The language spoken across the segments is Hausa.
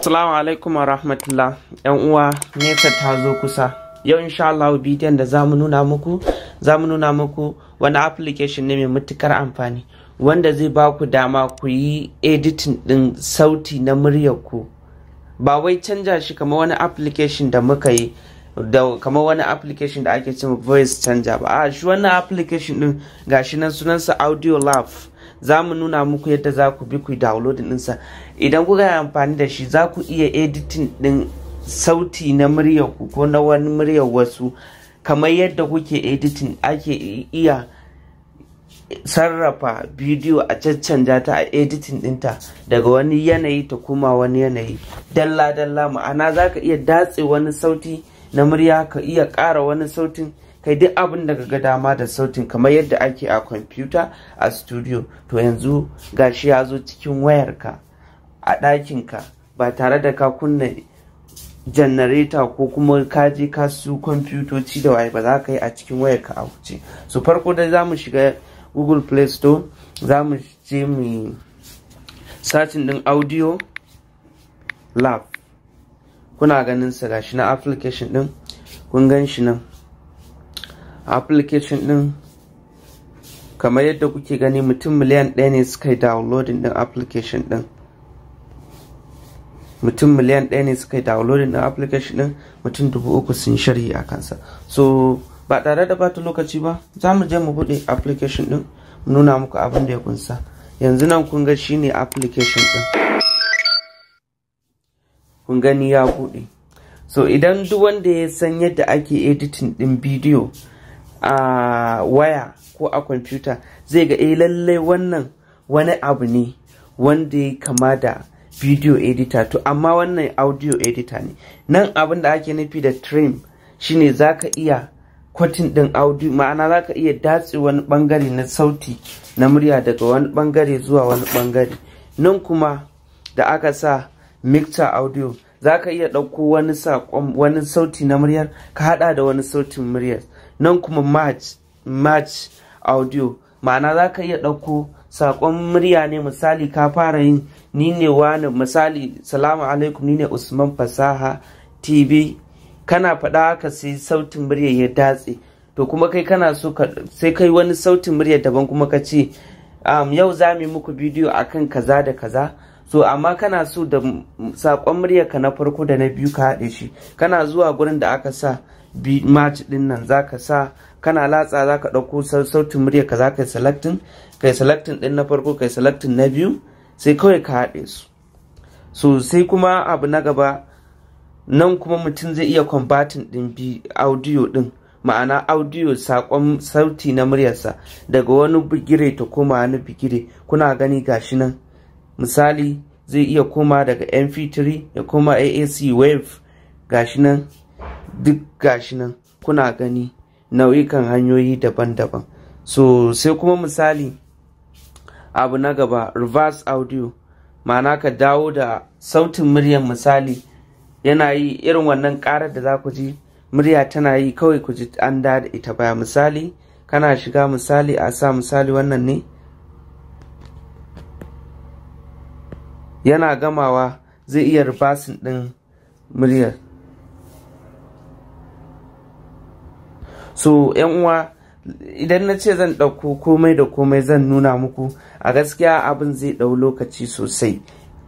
Assalamu alaikum wa rahmatullah ‘yan uwa nesa ta zo kusa yau insha Allah bidiyon da za mu nuna muku za nuna muku wani application ne mai matukar amfani wanda zai ba ku dama ku yi editing din sauti na muryar ku ba wai canja shi kamar wani application da muka yi da kamar wani application da ake cewa voice changer ba a shi wannan application din gashi nan sunansa audio lab za mu nuna muku yadda za ku bi ku downloading ɗinsa idan kuka yi amfani da shi za ku iya editing ɗin sauti na muryar ku ko na wani muryar wasu kamar yadda kuke editing ake iya sarrafa bidiyo a caccanja ta a editing ɗinta daga wani yanayi ta kuma wani yanayi dalla-dalla ma'ana za ka iya datse wani sauti na murya ka iya ƙara wani sautin kai duk abin da ga dama da sautin kamar yadda ake a kwamfuta a studio to yanzu gashi ya zo cikin wayarka a ɗakinka ba tare da ka kunna janareta ko kuma ka je ka su kwamfutoci da waye ba za ka yi a cikin wayarka a wuce so farko dai za mu shiga google play store za mu je mu Satin din audio lab kuna ganin sa gashi na application din kun gan shi nan application din kamar yadda kuke gani mutum miliyan ɗaya ne suka yi downloading din application din mutum miliyan ɗaya ne suka yi downloading din application din mutum dubu uku sun sharhi a kansa so ba tare da bata lokaci ba za mu je mu buɗe application din mu nuna muku abin da ya kunsa yanzu nan kun ga shine application din kun gani ya buɗe so idan duk wanda ya san yadda ake editing din bidiyo a waya ko a kwamfuta zai ga eh lallai wannan wani abu ne wanda ya kama da video editor to amma wannan audio editor ne nan abin da ake nufi da trim shine zaka iya kwatin din audio ma'ana zaka iya datse wani bangare na sauti na murya daga wani bangare zuwa wani bangare nan kuma da aka sa mixer audio zaka iya ɗauko wani wani sauti na muryar ka hada da wani sautin muryar nan kuma match audio ma'ana za ka iya ɗauko saƙon murya ne misali ka fara yin ni ne wani misali salamu alaikum ni ne usman fasaha tv kana faɗa haka sai sautin murya ya datse to kuma kai kana so sai kai wani sautin murya daban kuma ka ce yau za mu muku bidiyo akan kaza da kaza so amma kana so da sakon muryarka na farko da na biyu ka haɗe shi kana zuwa gurin da aka sa bi match din nan zaka sa kana latsa zaka ɗauko sautin muryarka zaka yi selecting kai selecting din na farko kai selecting na biyu sai kawai ka haɗe su so sai kuma abu na gaba nan kuma mutum zai iya combating din bi audio din ma'ana audio sakon sauti na muryarsa daga wani bigire ta koma wani bigire kuna gani gashi nan misali zai iya koma daga mp3 ya koma aac wave gashi duk gashi kuna gani nau'ikan hanyoyi daban-daban so sai kuma misali abu na gaba reverse audio ma'ana ka dawo da sautin muryan misali yana yi irin wannan karar da za ku ji murya tana yi kawai ku ji an da ita baya misali kana shiga misali a sa misali wannan ne yana gamawa zai iya rufasin ɗin murya. so yan uwa idan na ce zan ɗauko komai da komai zan nuna muku a gaskiya abin zai ɗau lokaci sosai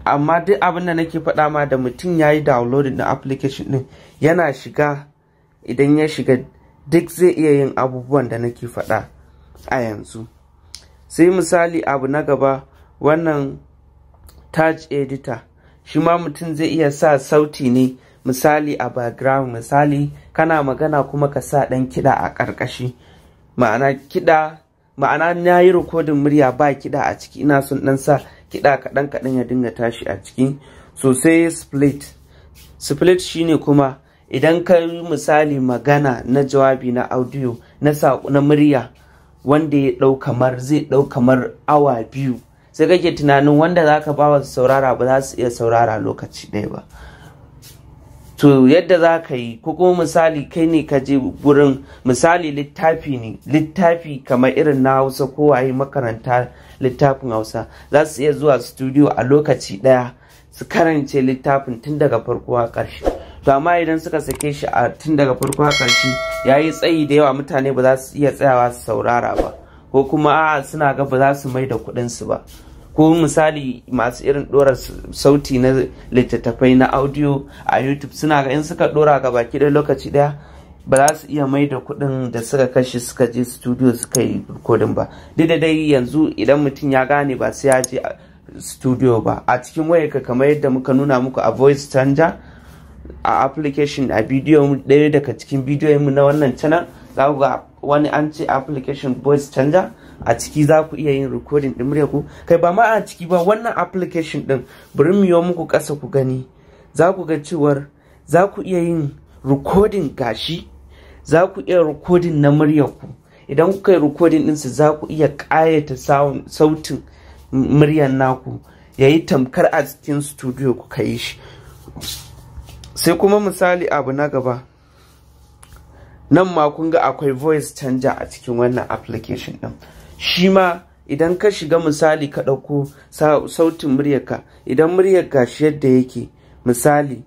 amma duk abin da nake faɗa ma da mutum ya yi downloading na application ɗin yana shiga idan ya shiga duk zai iya yin abubuwan da nake faɗa a yanzu sai misali abu na gaba wannan touch editor shi ma mutum zai iya sa sauti ne misali a background misali kana magana kuma ka sa dan kiɗa a ƙarƙashi ma'ana kida ma'ana na yi rikodin murya ba kiɗa a ciki ina son dan sa kiɗa kaɗan kaɗan ya dinga tashi a ciki sosai split split shine kuma idan ka yi misali magana na jawabi na audio na na murya wanda ya kamar zai ɗau kamar awa biyu sai kake tunanin wanda za ka bawa saurara ba za su iya saurara lokaci ɗaya ba to yadda za ka yi ko kuma misali kai ne ka je wurin misali littafi ne littafi kamar irin na hausa ko waye makaranta littafin hausa za su iya zuwa studio a lokaci ɗaya su karance littafin tun daga farko a ƙarshe to amma idan suka sake shi a tun daga farko a ƙarshe ya yi tsayi da yawa mutane ba za su iya tsayawa su saurara ba ko kuma a suna ga ba za su mai da su ba ko misali masu irin dora sauti na littattafai na audio a youtube suna ga in suka ɗora ga baki ɗaya lokaci ɗaya ba za su iya mai da kuɗin da suka kashe suka je studio suka yi rikodin ba duk dai yanzu idan mutum ya gane ba sai ya je studio ba a cikin wayarka kamar yadda muka nuna muku a voice changer a application a bidiyo ɗaya daga cikin bidiyoyinmu na wannan channel za ku ga wani an ce application voice changer a ciki za ku iya yin recording din murya ku kai ba ma a ciki ba wannan application din bari mu yi muku ƙasa ku gani za ku ga cewar za ku iya yin recording gashi za ku iya recording na murya ku idan kuka yi recording ɗinsu za ku iya ƙayata sautin muryan naku ya yi tamkar a cikin studio kuka yi shi sai kuma misali abu na gaba nan ma kun ga akwai voice changer a cikin wannan application ɗin shi ma idan ka shiga misali ka ɗauko sautin muryarka idan muryar gashi yadda yake misali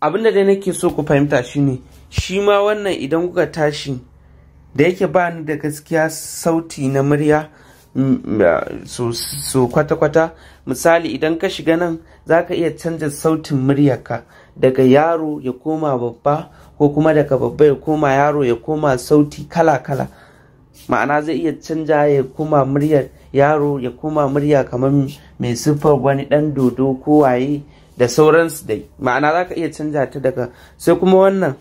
abinda dai nake so ku fahimta shine shi ma wannan idan kuka tashi da yake ba ni da gaskiya sauti na murya mm, mm, so kwata-kwata misali idan ka shiga nan za ka iya canza sautin muryarka daga yaro ya koma babba ko kuma daga babba ya koma yaro ya koma sauti kala-kala ma'ana zai iya canja ya koma muryar yaro ya koma murya kamar mai siffar wani dan dodo ko da sauransu dai ma'ana za ka iya canja ta daga sai kuma wannan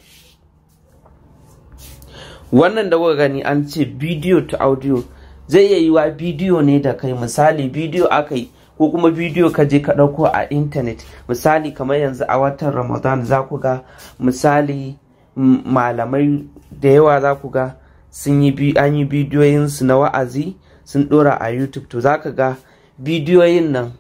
wannan da kuka gani an ce bidiyo to audio zai iya yiwa bidiyo ne da kai misali bidiyo aka yi ko kuma bidiyo ka je ka ɗauko a intanet misali kamar yanzu a watan ramadan za ku ga misali malamai da yawa za ku ga sun yi an yi bidiyoyinsu na wa'azi sun ɗora a youtube to za ka ga bidiyoyin nan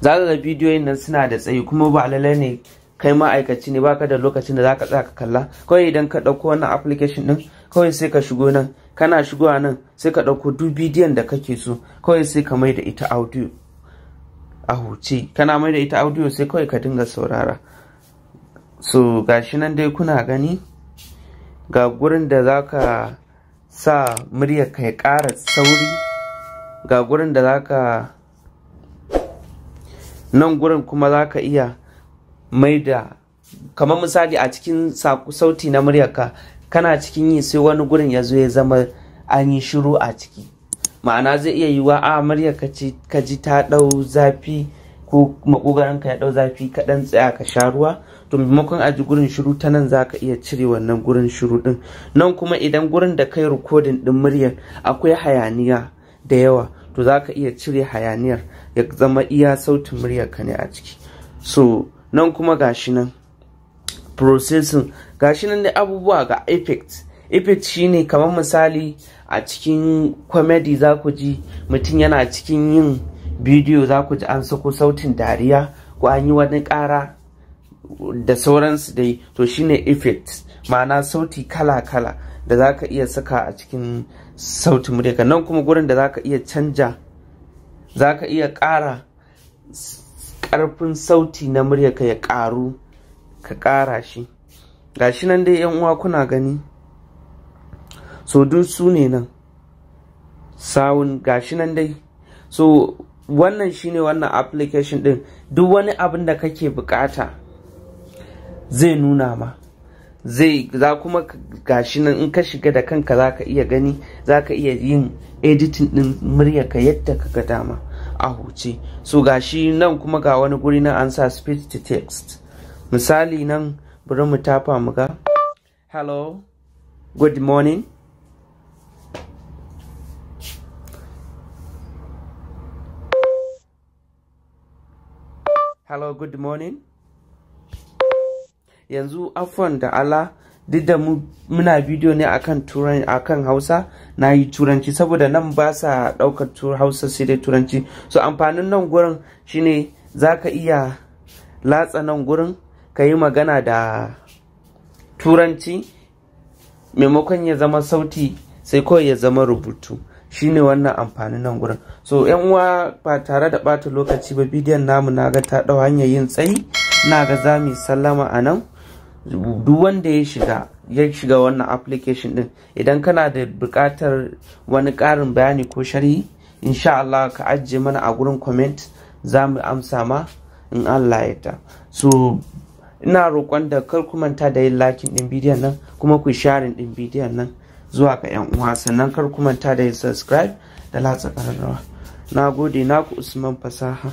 za ka ga bidiyoyin nan suna da tsayi kuma ba lallai ne kai ma'aikaci ne baka da lokacin da zaka tsaka kalla kawai idan ka ɗauko wannan application ɗin kawai sai ka shigo nan kana shigowa nan sai ka ɗauko duk bidiyon da kake so kawai sai ka mai da ita audio a huce kana mai da ita audio sai kawai ka dinga saurara so gashi nan dai kuna gani ga gurin da zaka sa muryar ka ya ƙara sauri ga gurin da zaka nan gurin kuma zaka iya mai da kamar misali a cikin sauti na muryarka kana cikin yi sai wani gurin ya zo ya zama an yi shiru a ciki ma'ana zai iya yiwa a murya ka ji ta ɗau zafi ko makogaranka ya ɗau zafi ka ɗan tsaya ka sha ruwa to maimakon a ji gurin shiru ta nan za ka iya cire wannan gurin shiru ɗin nan kuma idan gurin da kai rikodin ɗin muryar akwai hayaniya da yawa to za ka iya cire hayaniyar ya zama iya sautin muryarka ne a ciki so nan kuma gashi nan processing gashi nan da abubuwa ga effect effect shine kamar misali a cikin comedy za ku ji mutum yana cikin yin bidiyo za ku ji an sako sautin dariya ko an yi wani ƙara da sauransu dai to shine effect ma'ana sauti kala-kala da za ka iya saka a cikin sautin muryarka nan kuma gurin da za ka iya canja za ka iya ƙara ƙarfin sauti na murya ka ya ƙaru ka ƙara shi gashi nan dai yan uwa kuna gani so duk su ne nan sawun gashi nan dai so wannan shine wannan application din duk wani abin da kake bukata zai nuna ma zai za kuma gashi nan in ka shiga da kanka za ka iya gani za ka iya yin editing din muryarka yadda ka ga dama a huce so ga shi nan kuma ga wani guri na ansa speech to text misali nan bari mu tafa mu ga hello good morning hello good morning yanzu afon da ala duk da muna bidiyo ne akan turan akan hausa na yi turanci saboda nan ba sa ɗaukar hausa sai dai turanci so amfanin nan gurin shine za ka iya latsa nan gurin ka yi magana da turanci maimakon ya zama sauti sai kawai ya zama rubutu shine wannan amfanin nan gurin so yan uwa ba tare da bata lokaci ba bidiyon namu na ga ta ɗau hanyar yin tsayi na ga za mu sallama a nan duk wanda ya shiga ya shiga wannan application din idan kana da bukatar wani karin bayani ko sharhi insha Allah ka ajiye mana a gurin comment za mu amsa ma in Allah ya ta so ina roƙon da kar ku manta da yin lakin din bidiyon nan kuma ku share din bidiyon nan zuwa ga yan uwa sannan kar ku manta da yin subscribe da latsa ƙararrawa na gode naku usman fasaha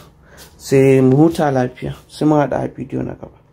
sai mu huta lafiya sai mu haɗa a bidiyo na gaba